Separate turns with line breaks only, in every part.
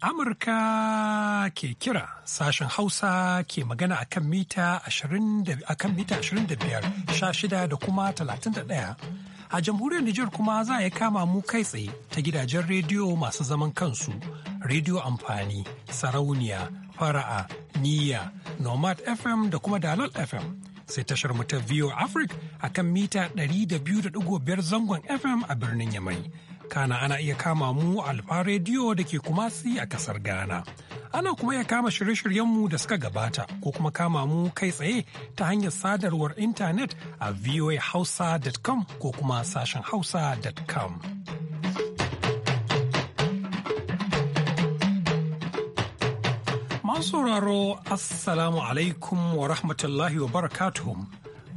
Amurka ke kira sashen Hausa ke magana a kan mita 25, shida da kuma 31. A jamhuriyar Nijar kuma za a yi kama mu kai tsaye ta gidajen rediyo masu zaman kansu, rediyo amfani, sarauniya, fara'a, niyya, nomad FM da kuma dalal FM. Sai tashar mu ta VOA Africa a kan mita 200.5 zangon FM a birnin Yamai. Kana ana iya kama mu Alfa rediyo da ke Kumasi a kasar Ghana. Ana kuma ya kama shirye-shiryenmu da suka gabata ko kuma kama mu kai tsaye ta hanyar sadarwar intanet a voahausa.com ko kuma sashen hausa.com. Masu sauraro, Assalamu alaikum wa rahmatullahi wa barakatuhum.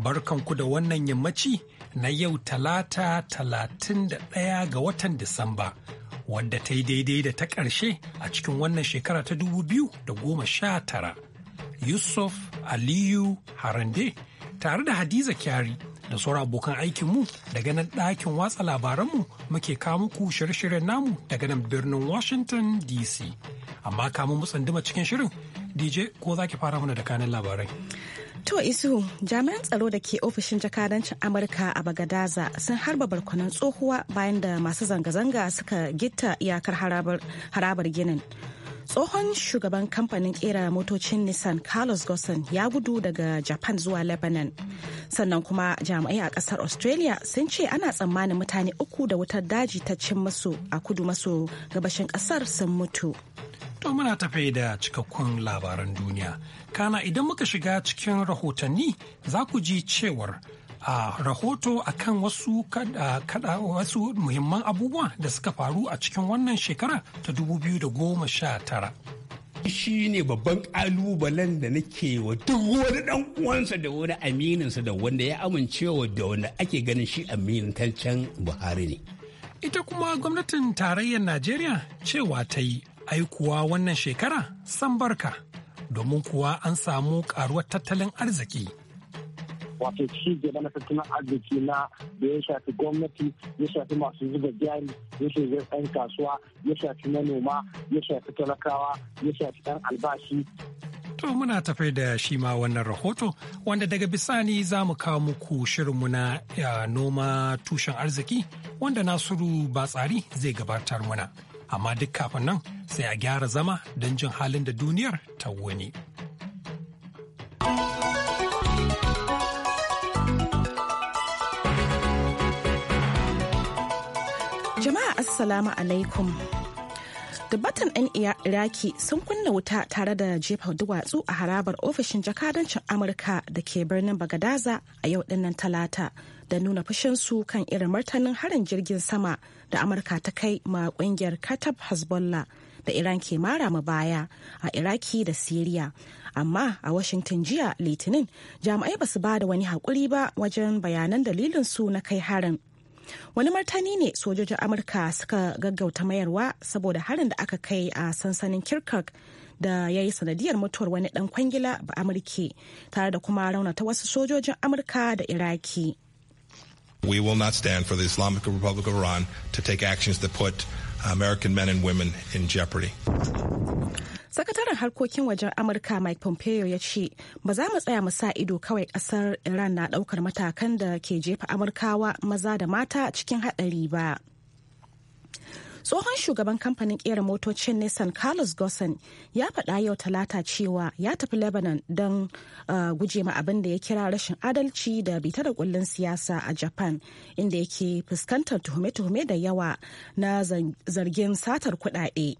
barkanku da wannan yammaci na yau talata talatin da ɗaya ga watan Disamba, wadda ta yi daidai da ta ƙarshe a cikin wannan shekara ta dubu biyu da goma sha tara. Yusuf Aliyu Harande tare da Hadiza Kyari da sauran abokan aikinmu daga nan ɗakin watsa labaranmu muke kawo muku shirye-shiryen namu daga nan birnin Washington DC. Amma kamun mu tsanduma cikin shirin, DJ ko za ki fara mana da kanin labarai.
To Isu, jami'an tsaro da ke ofishin jakadancin Amurka a Bagadaza sun harba barkwanon tsohuwa bayan da masu zanga-zanga suka gitta iyakar harabar ginin. tsohon shugaban kamfanin kera motocin nissan carlos gosson ya gudu daga japan zuwa lebanon sannan kuma jami'ai a kasar australia sun ce ana tsammanin mutane uku da wutar daji ta cin masu a kudu maso gabashin kasar sun mutu
to muna tafe da cikakkun labaran duniya kana idan muka shiga cikin rahotanni za ku ji cewar a rahoto akan wasu kada wasu muhimman abubuwa da suka faru a cikin wannan shekara ta 2019. shi ne babban kalubalen da nake wa duk wani
dan uwansa da wani amininsa da wanda ya amincewa da wanda ake ganin shi amintaccen
buhari ne ita kuma gwamnatin tarayyar najeriya cewa ta yi aikuwa wannan shekara san barka domin kuwa an samu ƙaruwar tattalin arziki
wato ci gaba na tattalin arziki na da ya shafi gwamnati ya shafi masu zuba jari ya shafi yan kasuwa ya shafi manoma ya shafi talakawa ya shafi yan albashi
To muna tafe da shi ma wannan rahoto wanda daga bisani za mu kawo muku shirinmu na noma tushen arziki wanda Nasiru tsari zai gabatar muna. Amma duk kafin nan sai a gyara zama don jin halin da duniyar ta wani.
Assalamu alaikum. Dubatan 'yan Iraki sun kunna wuta tare da jefa duwatsu a harabar ofishin jakadancin Amurka da ke birnin Bagadaza a yau dinnan talata da nuna fushin su kan irin martanin harin jirgin sama da Amurka ta kai ma kungiyar Katab Hezbollah da Iran ke mara ma baya a Iraki da Siriya. amma a washington jiya litinin jami'ai ba su ba da wani haƙuri ba wajen bayanan dalilin su na kai harin wani martani ne sojojin amurka suka gaggauta mayarwa saboda harin da aka kai a sansanin kirkuk da ya yi sanadiyar mutuwar wani dan kwangila ba tare da kuma raunata wasu sojojin amurka da iraki
We will not stand for the Islamic Republic of Iran to take actions that put American men and women in jeopardy.
sakataren harkokin wajen amurka mike pompeo ya ce ba za mu tsaya mu sa ido kawai kasar iran na daukar matakan da ke jefa amurkawa maza da mata cikin hadari ba tsohon shugaban kamfanin kera motocin nissan carlos gosson ya faɗa yau talata cewa ya tafi lebanon don uh, guje ma abin da ya kira rashin adalci da bita da kullun siyasa a japan inda yake fuskantar tuhume-tuhume da yawa na zargin satar kudade.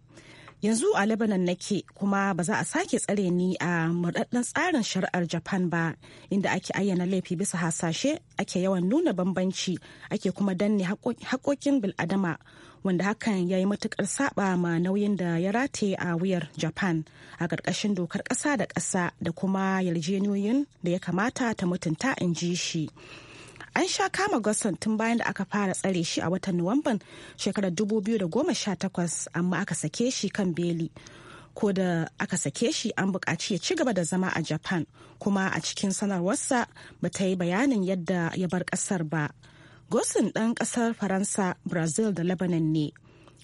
yanzu a lebanon nake kuma ba za a sake tsare ni a murɗaɗɗen tsarin shari'ar japan ba inda ake ayyana laifi bisa hasashe ake yawan nuna bambanci ake kuma danne haƙoƙin bil'adama wanda hakan ya yi matukar saba ma nauyin da ya rate a wuyar japan a ƙarƙashin dokar ƙasa da ƙasa da kuma yarjeniyoyin da ya kamata ta mutunta in ji shi an sha kama Gosson tun bayan da aka fara tsare shi a watan Nuwamban shekarar 2018 amma aka sake shi kan beli. Ko da aka sake shi an buƙaci ya ci gaba da zama a Japan kuma a cikin sanarwarsa ba ta yi bayanin yadda ya bar ƙasar ba. Gosin ɗan ƙasar Faransa, Brazil da Lebanon ne.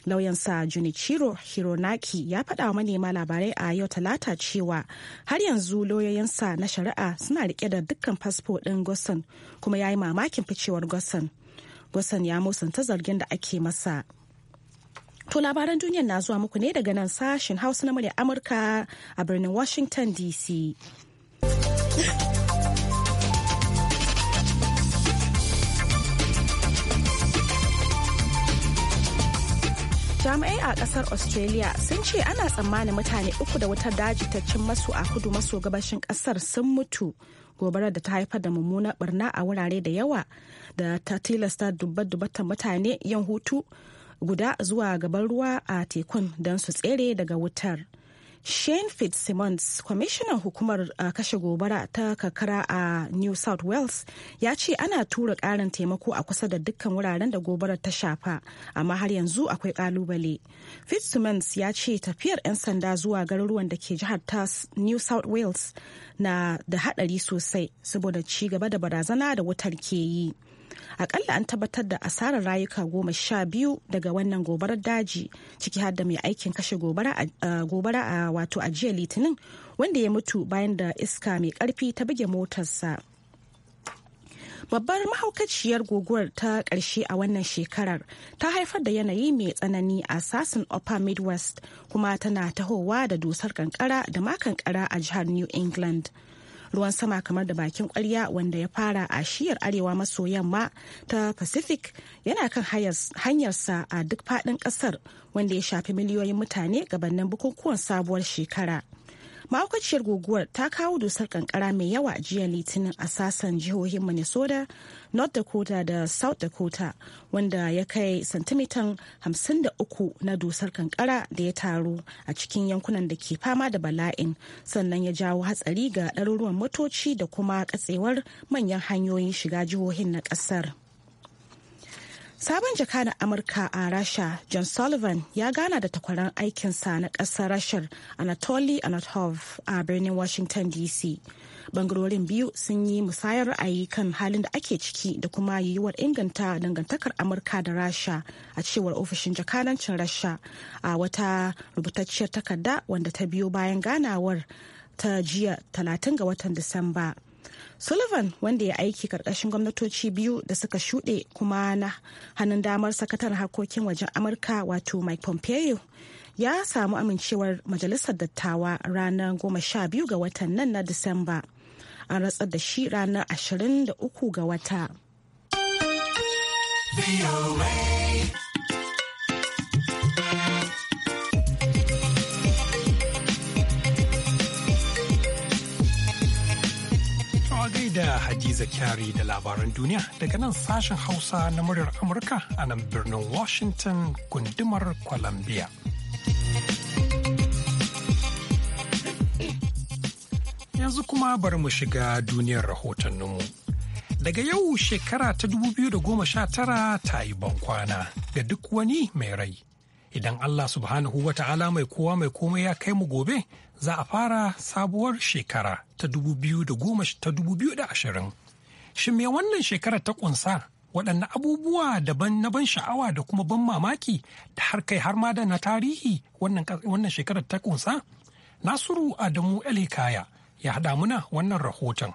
lauyansa junichiro hironaki ya faɗa wa manema labarai a yau talata cewa har yanzu lauyoyinsa na shari'a suna rike da dukkan fasfo ɗin gosan kuma ya yi mamakin ficewar gosan gosan ya musanta zargin da ake masa To labaran duniyar na zuwa muku ne daga nan sashen hausa na murya Amurka a birnin Washington DC. jami'ai a kasar australia sun ce ana tsammanin mutane uku da wutar daji ta cin masu a kudu maso gabashin kasar sun mutu gobarar da ta haifar da mummunar barna a wurare da yawa da ta tilasta dubbar dubbatan mutane yan hutu guda zuwa gaban ruwa a tekun don su tsere daga wutar shane fitzsimmons kwamishinan hukumar uh, kashe gobara ta kakara a uh, new south wales ya ce ana tura karin taimako a kusa da dukkan wuraren da gobarar ta shafa amma har yanzu akwai kalubale fitzsimmons ya ce tafiyar 'yan sanda zuwa garuruwan da ke jihar ta new south wales na da hadari sosai saboda ci gaba da barazana da wutar ke yi akalla an tabbatar da asarar rayuka goma sha biyu daga wannan gobarar daji ciki har da mai aikin kashe gobara a wato ajiya litinin wanda ya mutu bayan da iska mai karfi ta buge motarsa babbar mahaukaciyar guguwar ta ƙarshe a wannan shekarar ta haifar da yanayi mai tsanani a sassan upper midwest kuma tana tahowa da dusar kankara da ma a jihar new england ruwan sama kamar da bakin kwarya wanda ya fara a shiyar arewa maso yamma ta pacific yana kan hanyarsa a duk faɗin ƙasar wanda ya shafi miliyoyin mutane gabanin bukukuwan sabuwar shekara mahaukaciyar guguwar ta kawo dusar kankara mai yawa jiya litinin a sassan jihohin minnesota north dakota da south dakota wanda ya kai santimitan 53 na dusar kankara da ya taru a cikin yankunan da ke fama da bala'in sannan ya jawo hatsari ga ɗaruruwan motoci da kuma katsewar manyan hanyoyin shiga jihohin na ƙasar. Sabon Jaka na Amurka a Rasha, John Sullivan, ya gana da takwaran aikinsa na ƙasar Rashar Anatoly Anatov a birnin Washington DC. Bangarorin biyu sun yi musayar ra'ayi kan halin da ake ciki da kuma yiwuwar inganta dangantakar Amurka da Rasha a cewar ofishin jakadancin Rasha a wata rubutacciyar takarda wanda ta biyo bayan ganawar ta jiya 30 ga watan Disamba. Sullivan wanda ya aiki karkashin gwamnatoci biyu da suka shuɗe kuma na hannun damar sakataren harkokin wajen Amurka wato Mike Pompeo ya samu amincewar majalisar dattawa ranar 12 ga watan nan na Disamba. An ratsar da shi ranar 23 ga wata.
da Hadiza Kyari da labaran duniya daga nan sashen Hausa na muryar Amurka a nan birnin Washington gundumar Columbia. Yanzu kuma bari mu shiga duniyar rahotanninmu. Daga yau shekara ta 2019 ta yi bankwana ga duk wani mai rai. idan Allah subhanahu wa ta'ala mai kowa mai komai ya kai mu gobe za a fara sabuwar shekara ta ashirin. shin me wannan shekara ta kunsa waɗanne abubuwa daban na ban sha'awa da kuma ban mamaki da har kai har ma da na tarihi wannan shekarar ta kunsa nasiru adamu hikaya ya haɗa muna wannan rahoton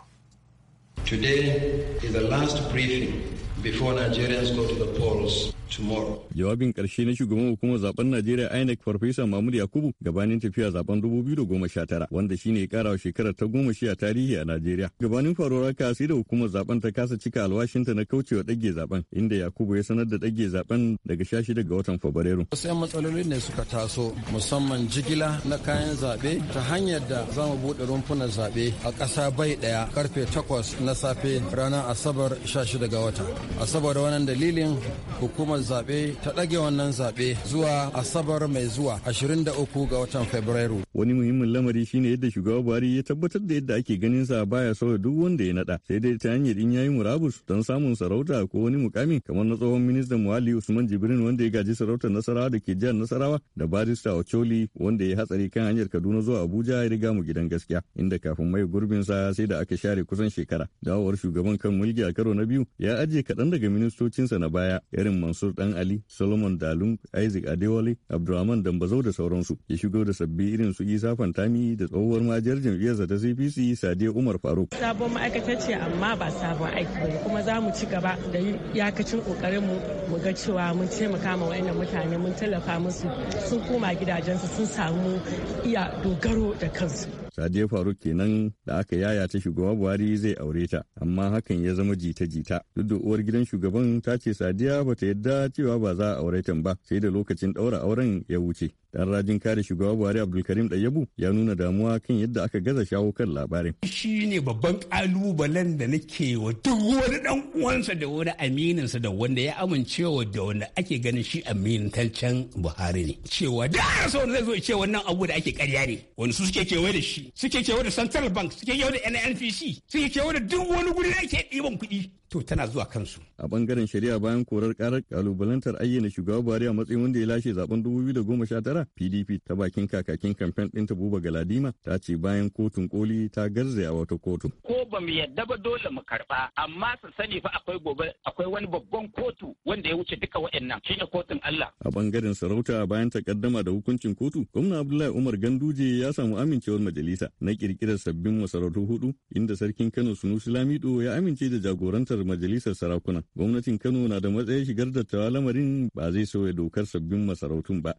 Today is the last briefing before Nigerians go to the polls tomorrow.
Jawabin karshe na shugaban hukumar zaben Najeriya INEC Farfesa Mahmud Yakubu gabanin tafiya zaben 2019 wanda shine ya karawa shekarar ta goma shi a tarihi a Najeriya. Gabanin faruwar haka sai da hukumar zaben ta kasa cika alwashin ta na kaucewa dage zaben inda Yakubu ya sanar da dage zaben daga shashi ga watan Fabrairu.
Wasu 'yan matsaloli ne suka taso musamman jigila na kayan zaɓe ta hanyar da za mu buɗe rumfunan zaɓe a ƙasa bai ɗaya karfe 8 na safe ranar Asabar shida ga wata. Asabar wannan dalilin hukumar zaɓe ta ɗage wannan zaɓe zuwa asabar mai zuwa 23 ga
watan Fabrairu. Wani muhimmin lamari shine yadda shugaba Buhari ya tabbatar da yadda ake ganin sa baya sauya duk wanda ya naɗa sai dai ta hanyar in yayi murabus don samun sarauta ko wani mukami kamar na tsohon ministan muhalli Usman Jibrin wanda ya gaji sarautar Nasarawa da ke jihar Nasarawa da barista Ocholi wanda ya hatsari kan hanyar Kaduna zuwa Abuja ya riga mu gidan gaskiya inda kafin mai gurbin sa sai da aka share kusan shekara. Dawowar shugaban kan mulki a karo na biyu ya ajiye kaɗan daga ministocinsa na baya irin Mansur Dan Ali, Solomon Dalung, Isaac Adewale, Abdulrahman Dambazau da sauransu. Ya shigo da sabbi irin su Isa Fantami da tsohuwar majiyar jam'iyyarsa ta CPC Sadiya Umar Faruk.
Sabon ma'aikata ce amma ba sabon aiki ba kuma za mu ci gaba da yakacin kokarin mu mu ga cewa mun taimaka ma wayannan mutane mun tallafa musu sun koma gidajensu sun samu iya dogaro da kansu.
Sadiya Faruk kenan da aka yaya ta shugaba Buhari zai aure ta amma hakan ya zama jita-jita. Duk da uwar gidan shugaban ta ce Sadiya bata yadda cewa ba za a aure ta ba sai da lokacin ɗaura auren ya wuce. Dan rajin kare shugaba Buhari Abdulkarim dayabu ya nuna damuwa kan yadda aka gaza shawo kan labarin. Shi ne babban ƙalubalen da nake wa duk
wani ɗan uwansa da wani amininsa da wanda ya amincewa da wanda ake ganin shi amintaccen Buhari ne. Cewa da zai zo ce wannan abu da ake karya ne. Wani su suke kewaye da shi, suke kewaye da Central Bank, suke kewaye da NNPC,
suke kewaye da duk wani guri da ake ɗiban kuɗi.
to tana zuwa kansu. A bangaren shari'a bayan korar karar kalubalantar ayyana shugaba Buhari a matsayin wanda ya lashe zaben 2019 pdp ta bakin kakakin kamfen ta buba galadima ta ce bayan kotun koli ta garzaya wata kotu
ko ba mu yadda ba dole mu karba amma su sani fa akwai gobe akwai wani babban kotu wanda ya wuce duka waɗannan shine kotun
Allah a bangaren sarauta bayan ta takaddama da hukuncin kotu gwamna Abdullahi Umar Ganduje ya samu amincewar majalisa na kirkirar sabbin masarautu hudu inda sarkin Kano Sunusi Lamido ya amince da jagorantar majalisar sarakuna gwamnatin Kano na da matsayin shigar da lamarin ba zai sauya dokar sabbin masarautun ba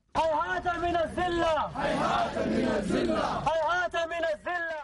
هيهات من الذلة هيهات من الذلة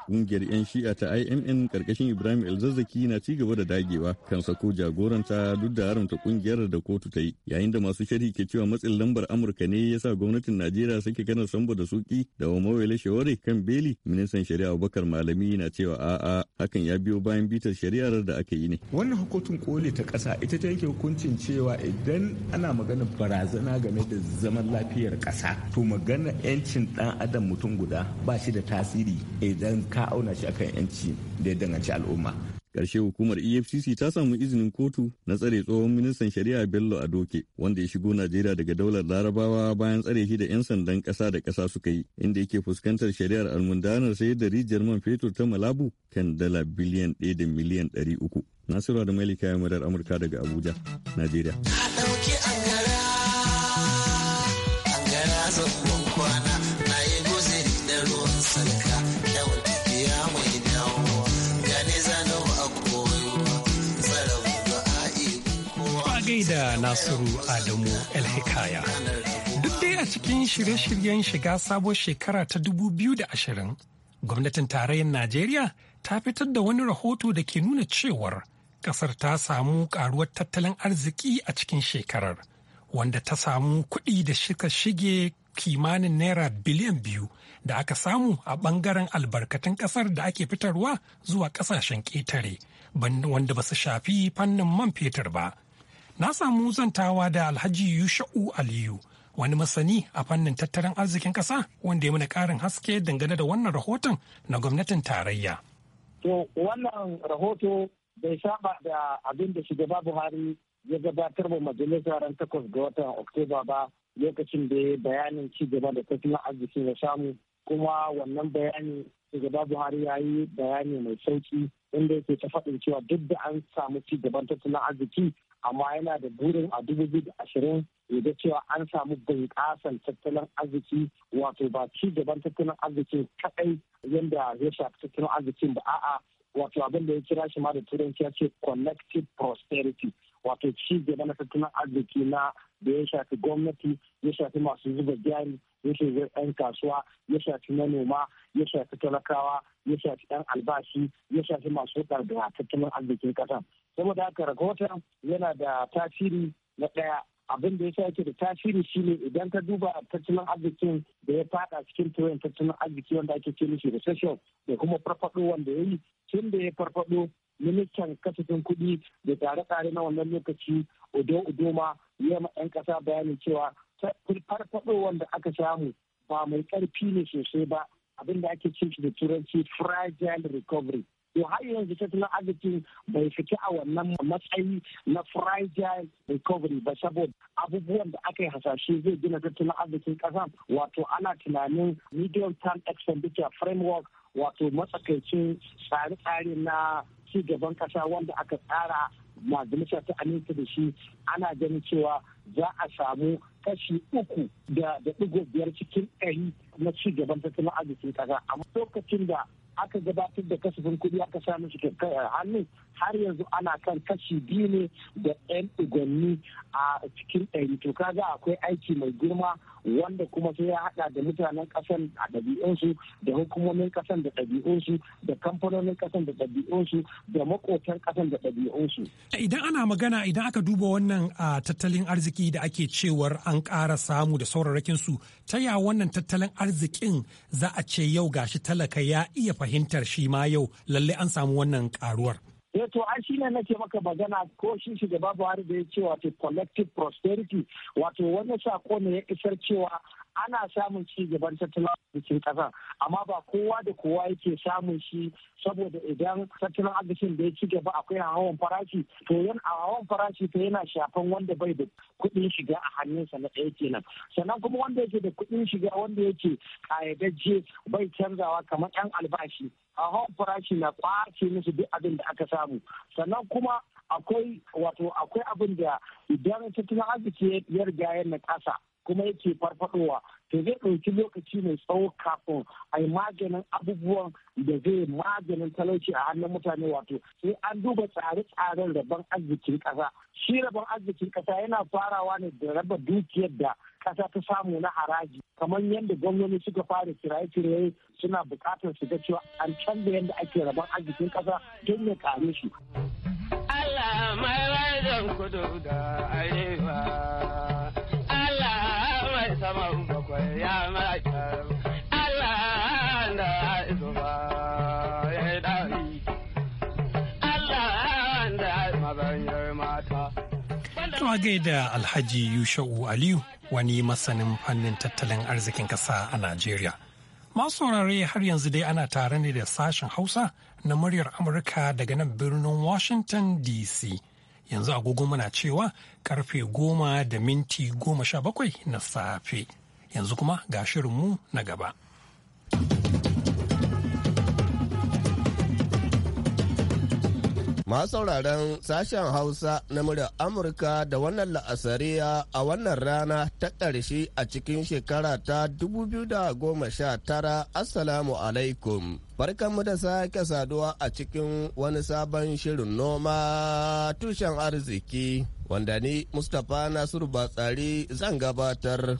Kungiyar 'yan shi'a ta IMN karkashin Ibrahim Elzazzaki na ci gaba da dagewa kan sako jagoranta duk da haramta kungiyar da kotu ta yi. Yayin da masu sharhi ke cewa matsin lambar Amurka ne ya sa gwamnatin Najeriya sake gana sambo da suki da Omowele Shawari kan beli ministan shari'a Abubakar Malami na cewa a'a hakan ya biyo bayan bitar shari'ar da aka yi ne. Wannan hukuncin koli ta kasa ita ta yake hukuncin cewa idan ana magana barazana game da zaman lafiyar ƙasa to magana 'yancin ɗan adam mutum guda ba shi da tasiri idan ka auna shi akan yanci da ya danganci al'umma karshe hukumar efcc ta samu izinin kotu na tsare tsohon ministan shari'a bello adoke wanda ya shigo najeriya daga daular larabawa bayan tsare shi da 'yan sandan ƙasa da ƙasa suka yi inda yake fuskantar shari'ar almundanar sayar da rijiyar man fetur ta malabu kan dala biliyan ɗaya da miliyan ɗari uku nasiru da malika ya amurka daga abuja najeriya
Nasiru Adamu el Duk dai a cikin shirye-shiryen shiga sabon shekara ta dubu biyu da ashirin, gwamnatin tarayyar Najeriya ta fitar da wani rahoto da ke nuna cewar kasar ta samu karuwar tattalin arziki a cikin shekarar, wanda ta samu kuɗi da shika shige kimanin naira biliyan biyu da aka samu a ɓangaren albarkatun ƙasar da ake fitarwa zuwa ƙasashen ƙetare wanda ba su shafi fannin man fetur ba na samu zantawa da alhaji yusha'u aliyu wani masani a fannin tattalin arzikin ƙasa wanda ya mana ƙarin haske dangane da wannan rahoton na gwamnatin tarayya.
To wannan rahoto bai saba da abin da shugaba Buhari ya gabatar wa majalisa ran takwas ga watan Oktoba ba lokacin da ya bayanin ci gaba da tattalin arzikin ya samu kuma wannan bayani shugaba Buhari ya yi bayani mai sauki inda yake ta faɗin cewa duk da an samu ci gaban tattalin arziki amma yana da burin a dubu biyu da ashirin da cewa an samu bunƙasan tattalin arziki wato ba ci gaban tattalin arzikin kaɗai yadda ya shafi tattalin arzikin ba a'a wato abin da ya kira shi ma da turanci ya ce collective prosperity wato ci gaba na tattalin arziki na da ya shafi gwamnati ya shafi masu zuba jari ya shafi 'yan kasuwa ya shafi manoma ya shafi talakawa ya shafi 'yan albashi ya shafi masu hudar da tattalin arzikin kasa saboda haka rahoton yana da tasiri na ɗaya abin da ya sa yake da tasiri shine idan ka duba tattalin arzikin da ya fada cikin turai tattalin arziki wanda ake ce mishi recession da kuma farfado wanda ya yi tun da ya farfado ministan kasafin kuɗi da tsare-tsare na wannan lokaci odo odoma ya ma 'yan ƙasa bayanin cewa farfadowar da aka samu ba mai karfi ne sosai ba abinda ake cin da turanci fragile recovery to har yanzu tattalin arzikin bai fita a wannan matsayi na fragile recovery ba saboda abubuwan da aka yi hasashe zai gina tattalin arzikin ƙasa wato ana tunanin medium term expenditure framework wato matsakaicin tsare-tsare na ci gaban ƙasa wanda aka tsara majalisa ta aminta da shi ana ganin cewa za a samu kashi uku da digo biyar cikin ɗari na ci gaban tattalin arzikin kasa a lokacin da aka gabatar da kasafin kuɗi aka sa mishi hannu har yanzu ana kan kashi biyu ne da yan ugonni a cikin ɗari to kaga akwai aiki mai girma wanda kuma sai ya haɗa da mutanen ƙasan a ɗabi'unsu da hukumomin ƙasan da ɗabi'unsu da kamfanonin ƙasan da ɗabi'unsu da maƙotan ƙasan da ɗabi'unsu.
idan ana magana idan aka duba wannan a tattalin arziki da ake cewar an ƙara samu da saurarakin su ta ya wannan tattalin arziki arzikin za a ce yau gashi talaka ya iya fahimtar shi ma yau lalle an samu wannan karuwar.
ya eh, to ai ne nake maka magana ko shi shugaba Buhari da ya ce wato collective prosperity wato wani sako ne ya isar cewa ana samun ci gaban tattalin arzikin ƙasa amma ba kowa da kowa yake samun shi saboda idan tattalin arzikin da ya ci gaba akwai hawan farashi to yan a hawan farashi to yana shafan wanda bai da kuɗin shiga a hannunsa na ɗaya kenan sannan kuma wanda yake da kuɗin shiga wanda yake ƙayyadajje bai canzawa kamar yan albashi a hawan farashi na ƙwace musu duk abin da aka samu sannan kuma akwai wato akwai abin da idan tattalin arziki ya riga ya na ƙasa kuma yake farfadowa to zai ɗauki lokaci mai tsawo kafin a yi maganin abubuwan da zai maganin talauci a hannun mutane wato sai an duba tsare-tsaren rabon arzikin ƙasa shi rabon arzikin ƙasa yana farawa ne da raba dukiyar da ƙasa ta samu na haraji kamar yadda gwamnati suka fara kiraye-kiraye suna buƙatar su ga cewa an canza yadda ake rabon arzikin ƙasa don ya kare shi.
Allah mai kudu da
arewa.
saman da mata.
To gaida Alhaji Yusha'u Aliyu wani masanin fannin tattalin arzikin ƙasa a Najeriya. Masu saurare har yanzu dai ana tare ne da sashen Hausa na muryar Amurka daga nan birnin Washington DC. yanzu agogo muna cewa karfe goma da minti goma sha bakwai na safe yanzu kuma ga shirinmu na gaba.
Masu sauraron sashen Hausa na murya Amurka da wannan la'asariya a wannan rana ta ƙarshe a cikin shekara ta 2019 Assalamu alaikum. Barkanmu da sake saduwa a cikin wani sabon shirin noma tushen arziki wanda ni Mustapha Nasiru Batsari zan gabatar.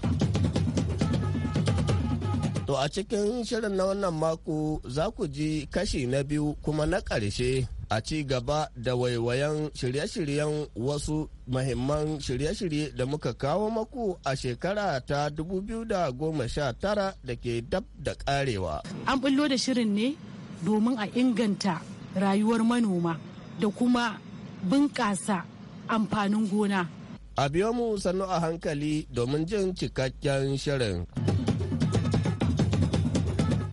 To a cikin shirin na wannan mako za ku ji kashi na biyu kuma na ƙarshe a ci gaba da waiwayan shirye-shiryen wasu mahimman shirye-shirye da muka kawo maku a shekara ta 2019 da ke dab da karewa.
An bullo da shirin ne domin a inganta rayuwar manoma da kuma bunƙasa amfanin gona.
A biyo mu sannu a hankali domin jin cikakken shirin.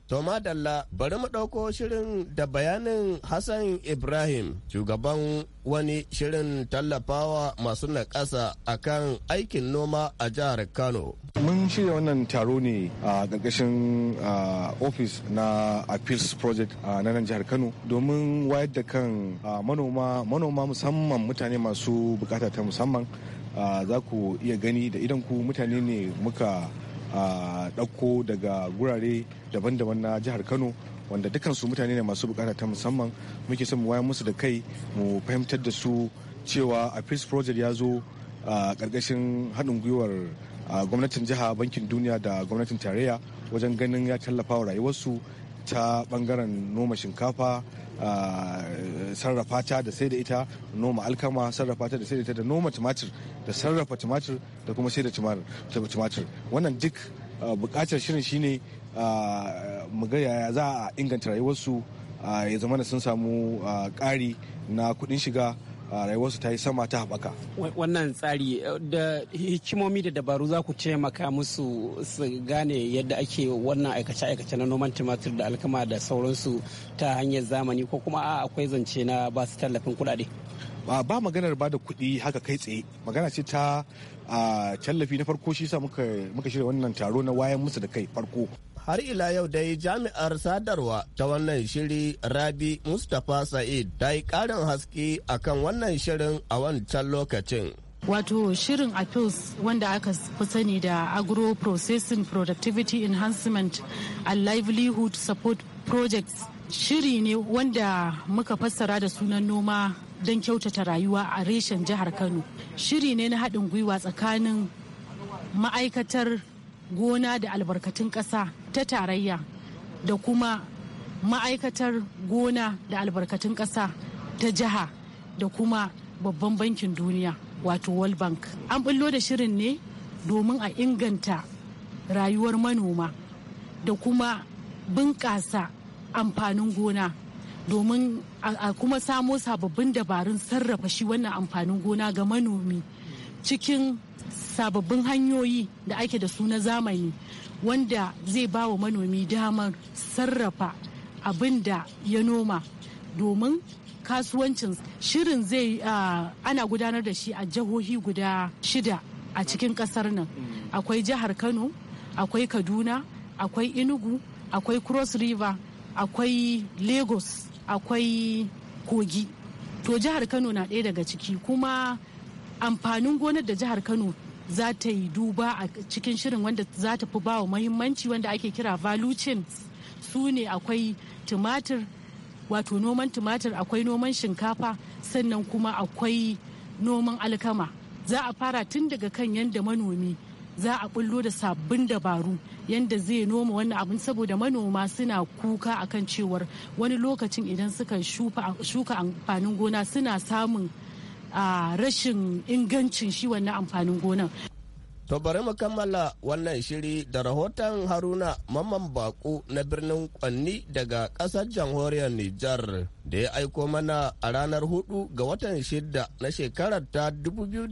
To madalla bari mu ɗauko shirin da bayanin Hassan Ibrahim shugaban wani shirin tallafawa masu naƙasa akan aikin noma a jihar Kano.
Mun shirya wannan taro ne a ƙarƙashin ofis na Appeals Project a nan jihar Kano domin wayar da kan manoma manoma musamman mutane masu bukata ta musamman za ku iya gani da idan ku mutane ne muka a ɗauko daga gurare daban-daban na jihar kano wanda dukansu mutane ne masu bukata ta musamman muke son mu wayar musu da kai mu fahimtar da su cewa a peace project ya zo a ƙarƙashin haɗin gwiwar gwamnatin jiha bankin duniya da gwamnatin tarayya wajen ganin ya tallafa wa rayuwarsu ta ɓangaren noma shinkafa sarrafa ta da sai da ita noma alkama sarrafa ta da sai da ita da noma tumatir da sarrafa tumatir da kuma sai da tumatir wannan duk bukatar shirin shine mu ga yaya za a inganta rayuwarsu ya zama da sun samu ƙari na kuɗin shiga rayuwarsu ta yi sama ta haɓaka.
Wannan tsari eh, da hikimomi da dabaru za ku taimaka musu su gane yadda ake wannan aikace-aikace na noman tumatir da alkama da sauransu ta hanyar zamani ko kuma akwai zance na
ba su tallafin kuɗaɗe. ba maganar ba da kuɗi haka kai tsaye magana ce ta tallafi na farko shi sa muka shirya wannan taro na wayan musu da kai farko har
ila yau dai jami'ar sadarwa ta wannan shiri rabi mustapha sa'id ta yi karin haske akan wannan shirin a wancan lokacin
wato shirin appeals wanda aka fi sani da agro processing productivity enhancement and livelihood support projects shiri ne wanda muka fassara da sunan noma don kyautata rayuwa a reshen jihar kano shiri ne na haɗin gwiwa tsakanin ma'aikatar gona da albarkatun ƙasa ta tarayya da kuma ma'aikatar gona da albarkatun ƙasa ta jiha da kuma babban bankin duniya wato world bank an bullo da shirin ne domin a inganta rayuwar manoma da kuma bunƙasa amfanin gona domin a kuma samo sababbin dabarun sarrafa shi wannan amfanin gona ga manomi cikin sababbin hanyoyi da ake da su na zamani wanda zai ba wa manomi damar sarrafa abin da ya noma domin kasuwancin shirin zai ana gudanar da shi a jihohi guda shida a cikin kasar nan akwai jihar kano akwai kaduna akwai inugu akwai cross river akwai lagos akwai kogi to jihar kano na ɗaya daga ciki kuma amfanin gonar da jihar kano za ta yi duba a cikin shirin wanda za ta fi bawa mahimmanci wanda ake kira value chains su ne akwai tumatir wato noman tumatir akwai noman shinkafa sannan kuma akwai noman alkama za a fara tun daga kan yadda manomi za a kullo da sabbin dabaru yadda zai noma wannan abin saboda manoma suna kuka a kan cewar wani lokacin idan suka shuka amfanin gona suna samun rashin ingancin shi wannan amfanin gona.
To bari mu kammala wannan shiri da rahoton Haruna Mamman Bako na birnin Kwanni daga ƙasar jamhuriyar Nijar da ya aiko mana a ranar hudu ga watan shida na shekarar ta 2019.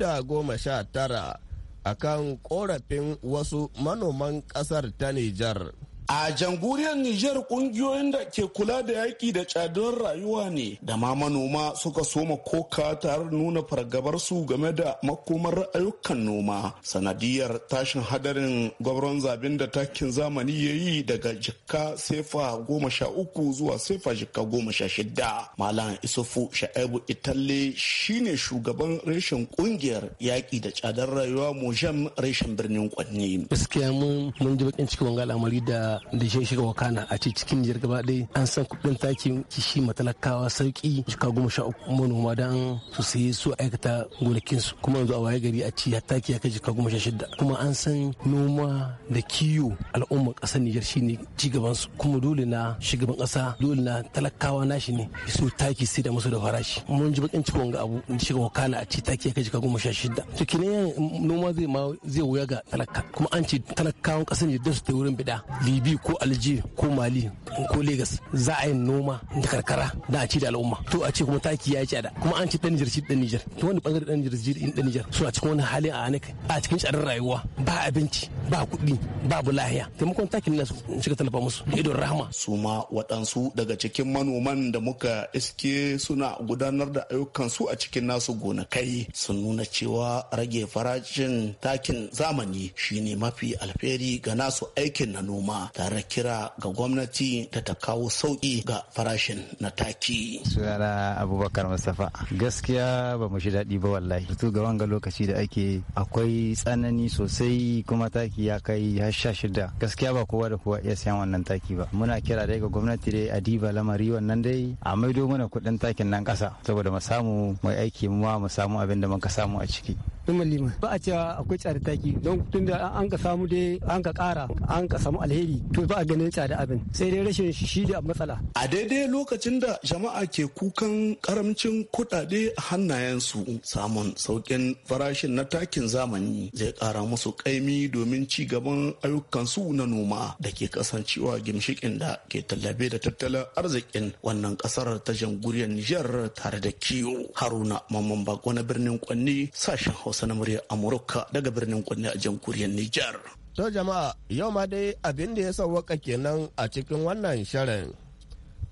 akan korafin wasu manoman kasar ta Nijar A jamhuriyar Nijar kungiyoyin da ke kula da yaƙi da tsadar rayuwa ne da ma manoma suka soma koka tare nuna fargabar su game da makomar ayyukan noma sanadiyar tashin hadarin gwabron zabin da takin zamani ya yi daga jikka sefa goma sha uku zuwa sefa jikka goma sha shida. Malam Isufu Sha'ibu Italle shine shugaban reshen kungiyar yaƙi da tsadar rayuwa Mojam reshen birnin Kwanne.
Gaskiya mun ji bakin cikin wanga al'amari da da shi shiga wakana a ce cikin jihar gaba ɗaya an san kuɗin takin kishi matalakawa sauki shika goma sha uku manoma dan su sayi su aikata gonakinsu kuma yanzu a waye gari a ci taki ya kai shika goma sha shida kuma an san noma da kiwo al'umma ƙasar Nijar shine cigaban su kuma dole na shugaban ƙasa dole na talakawa nashi ne su taki sai da musu da farashi mun ji bakin cikon ga abu shiga wakana a ci taki ya kai shika goma sha shida to kenan noma zai ma zai wuya ga talaka kuma an ce talakawan ƙasar Nijar da su ta wurin bida libi libi ko alje ko mali ko legas za a yi noma da karkara da a ci da al'umma to a ce kuma taki ya ci da kuma an ci dan ci dan nijar to wani bangare dan nijar ci dan nijar suna cikin wani hali a anaka a cikin tsarin rayuwa ba abinci ba kuɗi babu lahiya taimakon takin su shiga talafa musu idon rahama
su ma waɗansu daga cikin manoman da muka iske suna gudanar da su a cikin nasu gonakai sun nuna cewa rage farashin takin zamani shine mafi alferi ga nasu aikin na noma tare kira ga gwamnati da ta kawo sauki ga farashin na taki. Suna
Abubakar Mustapha gaskiya ba mu shi daɗi ba wallahi. Tutu ga wanga lokaci da ake akwai tsanani sosai kuma taki ya kai har sha shida. Gaskiya ba kowa da kowa iya siyan wannan taki ba. Muna kira dai ga gwamnati dai a diba lamari wannan dai a maido mana kuɗin takin nan ƙasa saboda mu samu mai aiki mu ma mu samu abin da muka samu a ciki.
Numan Liman. Ba a cewa akwai tsada taki don da an ka samu dai an ka kara an ka samu alheri to ba a ganin tsada abin sai dai rashin shi da matsala.
A daidai lokacin da jama'a ke kukan karamcin kudade a hannayensu samun saukin farashin na takin zamani zai kara musu kaimi domin ci gaban ayyukansu na noma da ke kasancewa gimshikin da ke tallabe da tattalin arzikin wannan ƙasar ta jamhuriyar Nijar tare da kiwo. Haruna Mamman Bako na birnin Kwanni sashen Hausa. Hausa na Amurka daga birnin Kwanne a jamhuriyar Niger. To jama'a yau ma dai abin da ya sauwaka kenan
a cikin wannan shirin.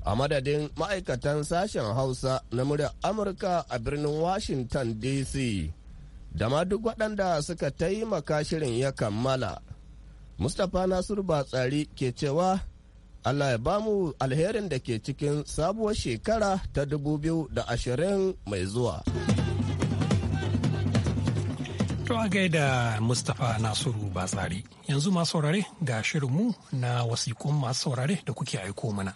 A madadin ma'aikatan sashen Hausa na muryar Amurka a birnin Washington DC da ma duk waɗanda suka taimaka shirin ya kammala. Mustapha Nasiru Batsari ke cewa Allah ya ba mu alherin da ke cikin sabuwar shekara ta biyu da
ashirin mai zuwa. To a gaida Mustapha Nasiru Batsari. Yanzu masu saurare ga shirinmu na wasiƙun masu saurare da kuke aiko mana.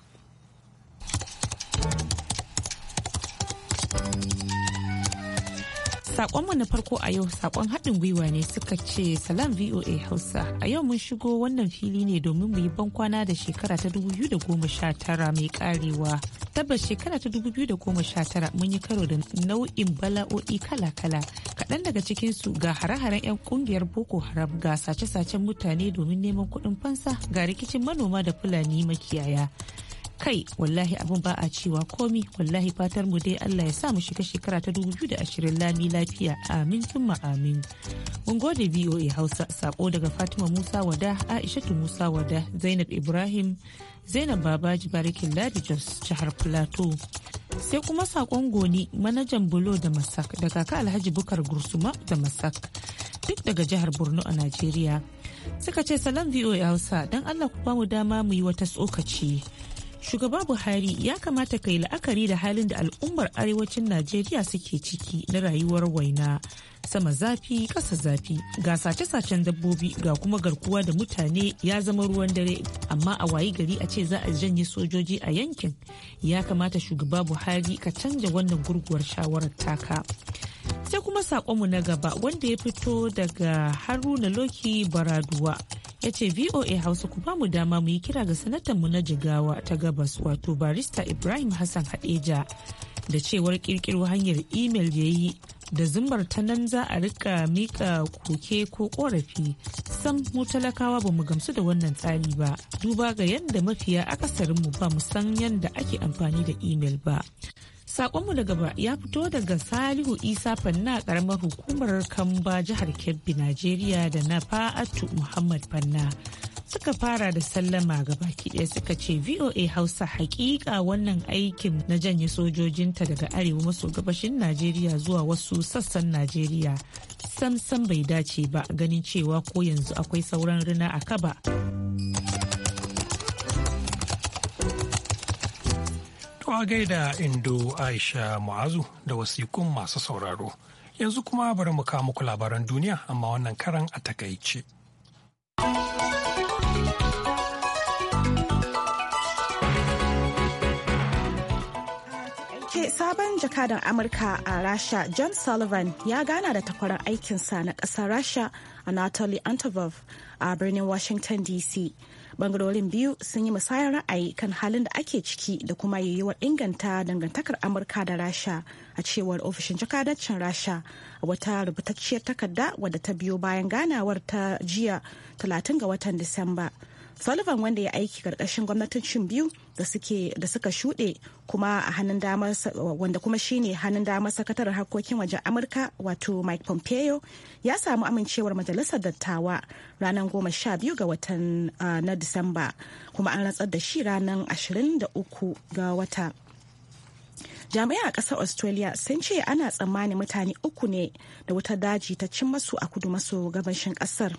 sakon mu na farko a yau sakon haɗin gwiwa ne suka ce salam VOA Hausa. A yau mun shigo wannan fili ne domin mu yi bankwana da shekara ta 2019 mai karewa. Tabbas shekara ta 2019 mun yi karo da nau'in bala'o'i kala-kala. Kaɗan daga cikinsu ga hare-haren 'yan kungiyar Boko Haram ga sace-sacen mutane domin neman kuɗin fansa ga rikicin manoma da Fulani makiyaya. kai wallahi abin ba a cewa komi wallahi fatar mu dai Allah ya sa mu shiga shekara ta 2020 lami lafiya amin tumma amin mun gode BOA Hausa sako daga Fatima Musa Wada Aishatu Musa Wada Zainab Ibrahim Zainab Babaji Barikin Ladi Jos jihar Plateau sai kuma sakon goni manajan bulo da masak da kaka alhaji bukar gursuma da masak duk daga jihar borno a nigeria suka ce salam voa hausa don allah ku bamu dama mu yi wata tsokaci shugaba buhari ya kamata ka yi la'akari da halin da al'ummar arewacin najeriya suke ciki na rayuwar waina sama zafi ƙasa zafi ga sace-sacen dabbobi ga kuma garkuwa da mutane ya zama ruwan dare amma a wayi gari a ce za a janye sojoji a yankin ya kamata shugaba buhari ka canja wannan gurguwar shawarar taka sai kuma saƙonmu na gaba wanda ya fito daga haruna loki baraduwa ya ce VOA Hausa ku bamu dama mu yi kira ga mu na jigawa ta gabas wato barista Ibrahim Hassan Hadeja da cewar kirkiro hanyar imel ya yi da zumbar ta nan za a rika mika koke ko korafi sam mu talakawa ba mu gamsu da wannan tsari ba duba ga yadda mafiya akasarinmu ba mu san yadda ake amfani da imel ba Sakonmu na gaba ya fito daga Salihu Isa Fanna karamar hukumar Kamba jihar Kebbi Najeriya da na Fa'atu Muhammad Fanna. Suka fara da sallama ga baki ɗaya suka ce VOA Hausa hakika wannan aikin na janye sojojinta daga arewa maso gabashin Najeriya zuwa wasu sassan Najeriya. sam bai dace ba ganin cewa ko yanzu akwai sauran rina a kaba.
kuma gaida Indo Aisha Mu'azu da wasikun masu sauraro. Yanzu kuma bari mu kawo muku labaran duniya amma wannan karan a takaice.
sabon jakadan amurka a rasha john sullivan ya gana da takwarar aikinsa na ƙasar rasha anatoly antonov a birnin washington dc bangarorin biyu sun yi musayar ra'ayi kan halin da ake ciki da kuma yiwuwar inganta dangantakar amurka da rasha a cewar ofishin jakadancin rasha a wata rubutacciyar takarda wadda ta biyo bayan ganawar ta jiya 30 ga watan disamba sullivan wanda ya aiki karkashin gwamnatocin biyu da suka shuɗe kuma a hannun damar wanda kuma shine hannun damar sakataren harkokin wajen amurka wato mike pompeo ya samu amincewar majalisar dattawa ranar goma sha biyu ga watan na disamba kuma an rantsar da shi ranar ashirin da uku ga wata Jami'a a ƙasar australia sun ce ana tsammanin mutane uku ne da wuta daji ta cin masu a kudu maso gabashin ƙasar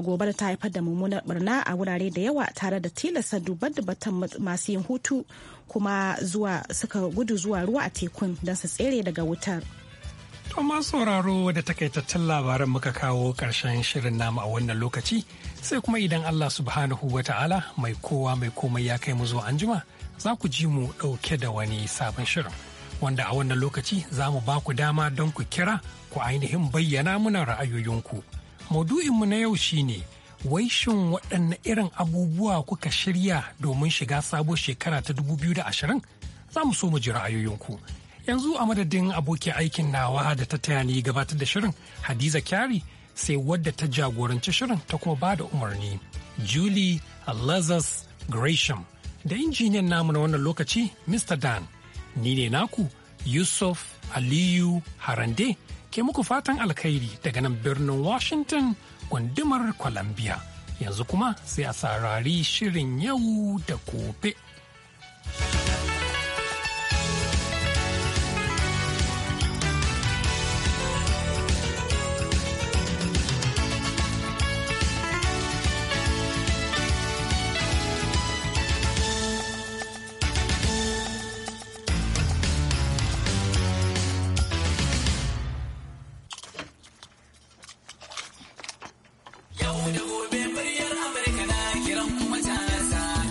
gobar ta haifar da mummunar barna a wurare da yawa tare da tilasta dubar da dubatan masu yin hutu kuma zuwa suka gudu zuwa ruwa a tekun don su tsere daga wutar.
To sauraro da takaitattun labaran muka kawo ƙarshen shirin namu a wannan lokaci sai kuma idan Allah subhanahu wa ta'ala mai kowa mai komai ya kai mu zuwa anjima za ku ji mu ɗauke da wani sabon shirin. Wanda a wannan lokaci za mu ba ku dama don ku kira ku ainihin bayyana muna ra'ayoyinku. Maudu'inmu na yau shi ne wai shin waɗanne irin abubuwa kuka shirya domin shiga sabuwar shekara ta 2020? Za mu so mu ji ra'ayoyinku. Yanzu a madadin abokin aikin nawa da ta taya ni gabatar da shirin Hadiza Kyari sai wadda ta jagoranci shirin ta kuma ba da umarni. Julie Lazarus Gresham da injiniyan namu na wannan lokaci Mr. Dan. Ni ne naku Yusuf Aliyu Harande ke muku fatan alkhairi daga nan birnin Washington gundumar Columbia. Yanzu kuma sai a sarari shirin yau da gobe.